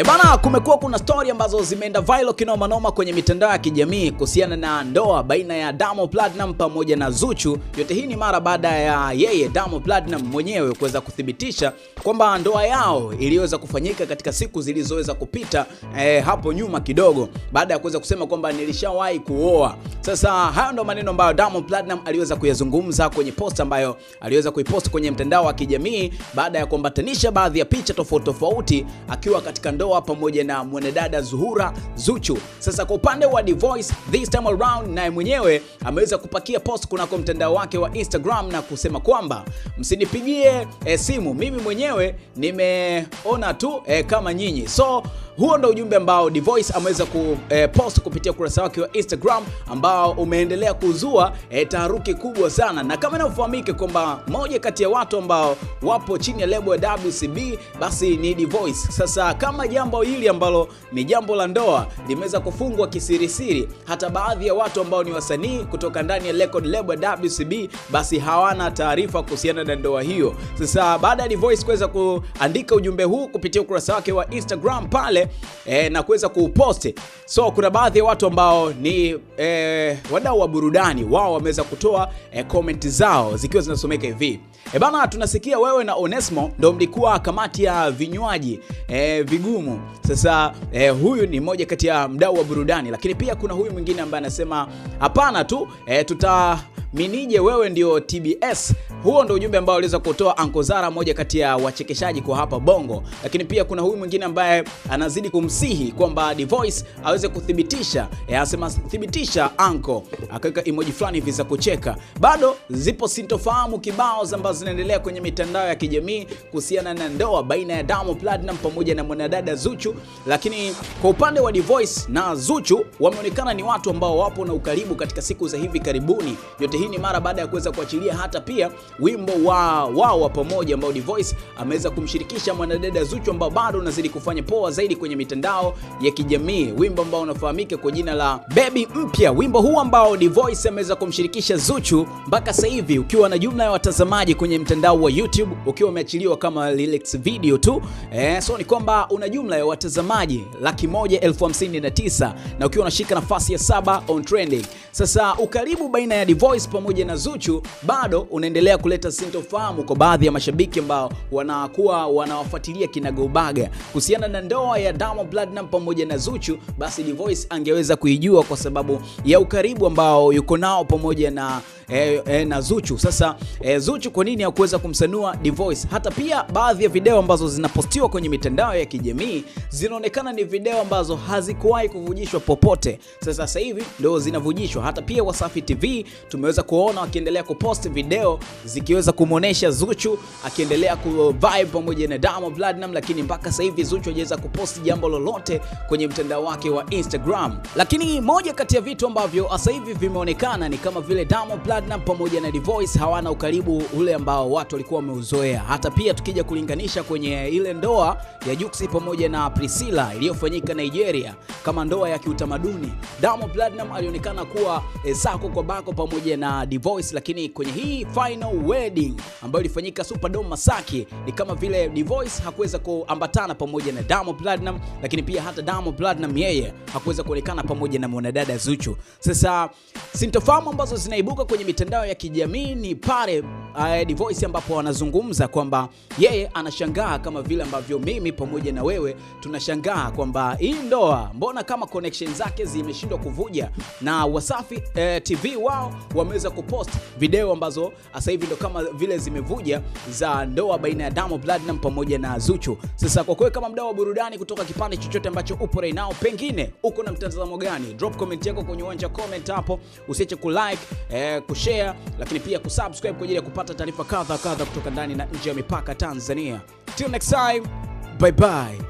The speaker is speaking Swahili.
Ebana, kumekuwa kuna stori ambazo zimeenda viral kinoma noma kwenye mitandao ya kijamii kuhusiana na ndoa baina ya Diamond Platnumz pamoja na Zuchu. Yote hii ni mara baada ya yeye Diamond Platnumz mwenyewe kuweza kuthibitisha kwamba ndoa yao iliweza kufanyika katika siku zilizoweza kupita eh, hapo nyuma kidogo, baada ya kuweza kusema kwamba nilishawahi kuoa. Sasa hayo ndo maneno ambayo Diamond Platnumz aliweza kuyazungumza kwenye post ambayo aliweza kuipost kwenye mtandao wa kijamii baada ya kuambatanisha baadhi ya picha tofauti tofauti akiwa katika ndoa Diva pamoja na mwanadada Zuhura Zuchu. Sasa kwa upande wa Divoice this time around, naye mwenyewe ameweza kupakia post kunako mtandao wake wa Instagram na kusema kwamba msinipigie e, simu, mimi mwenyewe nimeona tu e, kama nyinyi so huo ndo ujumbe ambao voice ameweza ku eh, post kupitia ukurasa wake wa Instagram ambao umeendelea kuzua eh, taharuki kubwa sana, na kama inavyofahamika kwamba moja kati ya watu ambao wapo chini ya lebo ya WCB basi ni voice Sasa kama jambo hili ambalo ni jambo la ndoa limeweza kufungwa kisirisiri, hata baadhi ya watu ambao ni wasanii kutoka ndani ya record lebo ya WCB basi hawana taarifa kuhusiana na ndoa hiyo. Sasa baada ya voice kuweza kuandika ujumbe huu kupitia ukurasa wake wa Instagram pale e, na kuweza kuupost. So kuna baadhi ya watu ambao ni e, wadau wa burudani, wao wameweza kutoa e, comment zao zikiwa zinasomeka hivi. E bana, tunasikia wewe na Onesmo ndo mlikuwa kamati ya vinywaji e, vigumu. Sasa e, huyu ni mmoja kati ya mdau wa burudani, lakini pia kuna huyu mwingine ambaye anasema hapana tu e, tuta Minije wewe ndio TBS. Huo ndio ujumbe ambao aliweza kutoa ankozara moja kati ya wachekeshaji kwa hapa Bongo. Lakini pia kuna huyu mwingine ambaye anazidi kumsihi kwamba voice aweze kuthibitisha, eh, asema thibitisha Anko, akaweka emoji fulani hivi za kucheka. Bado zipo sintofahamu kibao ambazo zinaendelea kwenye mitandao ya kijamii kuhusiana na ndoa baina ya damo platinum pamoja na mwanadada Zuchu, lakini kwa upande wa voice na Zuchu wameonekana ni watu ambao wapo na ukaribu katika siku za hivi karibuni. Yote hii ni mara baada ya kuweza kuachilia hata pia wimbo wa wao wa pamoja ambao Voice ameweza kumshirikisha mwanadada Zuchu ambao bado unazidi kufanya poa zaidi kwenye mitandao ya kijamii, wimbo ambao unafahamika kwa jina la Baby Mpya. Wimbo huu ambao Voice ameweza kumshirikisha Zuchu mpaka sasa hivi ukiwa na jumla ya watazamaji kwenye mtandao wa YouTube ukiwa umeachiliwa kama lyrics video tu. Eh, so ni kwamba una jumla ya watazamaji laki moja elfu hamsini na tisa na ukiwa unashika nafasi ya saba on trending. Sasa ukaribu baina ya Voice pamoja na Zuchu bado unaendelea kuleta sintofahamu kwa baadhi ya mashabiki ambao wanakuwa wanawafuatilia kinagaubaga kuhusiana na ndoa ya Diamond Platnumz pamoja na Zuchu, basi Voice angeweza kuijua kwa sababu ya ukaribu ambao yuko nao pamoja na eh, eh, na Zuchu. Sasa eh, Zuchu kwa nini hakuweza kumsanua Voice? Hata pia baadhi ya video ambazo zinapostiwa kwenye mitandao ya kijamii zinaonekana ni video ambazo hazikuwahi kuvujishwa popote. Sasa sasa hivi ndio zinavujishwa. Hata pia Wasafi TV tumeweza kuona wakiendelea kupost video zikiweza kumuonesha Zuchu akiendelea vibe pamoja na Diamond Platnumz, lakini mpaka sasa hivi Zuchu hajaweza kupost jambo lolote kwenye mtandao wake wa Instagram. Lakini moja kati ya vitu ambavyo sasa hivi vimeonekana ni kama vile Diamond Platnumz Platinum pamoja na Divoice hawana ukaribu ule ambao watu walikuwa wameuzoea. Hata pia tukija kulinganisha kwenye ile ndoa ya Juksi pamoja na Priscilla iliyofanyika Nigeria kama ndoa ya kiutamaduni, Diamond Platinum alionekana kuwa e, sako kwa bako pamoja na Divoice, lakini kwenye hii final wedding ambayo ilifanyika Superdome Masaki ni kama vile Divoice hakuweza kuambatana pamoja na Diamond Platinum, lakini pia hata Diamond Platinum yeye hakuweza kuonekana pamoja na mwanadada Zuchu. Sasa sintofahamu ambazo zinaibuka kwenye mitandao ya kijamii ni pale uh, Voice ambapo wanazungumza kwamba yeye anashangaa kama vile ambavyo mimi pamoja na wewe tunashangaa kwamba hii ndoa mbona kama connection zake zimeshindwa kuvuja, na Wasafi eh, TV wao wameweza kupost video ambazo sasa hivi ndo kama vile zimevuja za ndoa baina ya Diamond Platnumz pamoja na Zuchu. Sasa kwa kweli, kama mdau wa burudani kutoka kipande chochote ambacho upo right now, pengine uko na mtazamo gani? Drop comment yako kwenye uwanja comment hapo, usiache kulike eh, kushare, lakini pia kusubscribe kwa ajili ya kupata kupata taarifa kadha kadha kutoka ndani na nje ya mipaka Tanzania. Till next time, bye bye.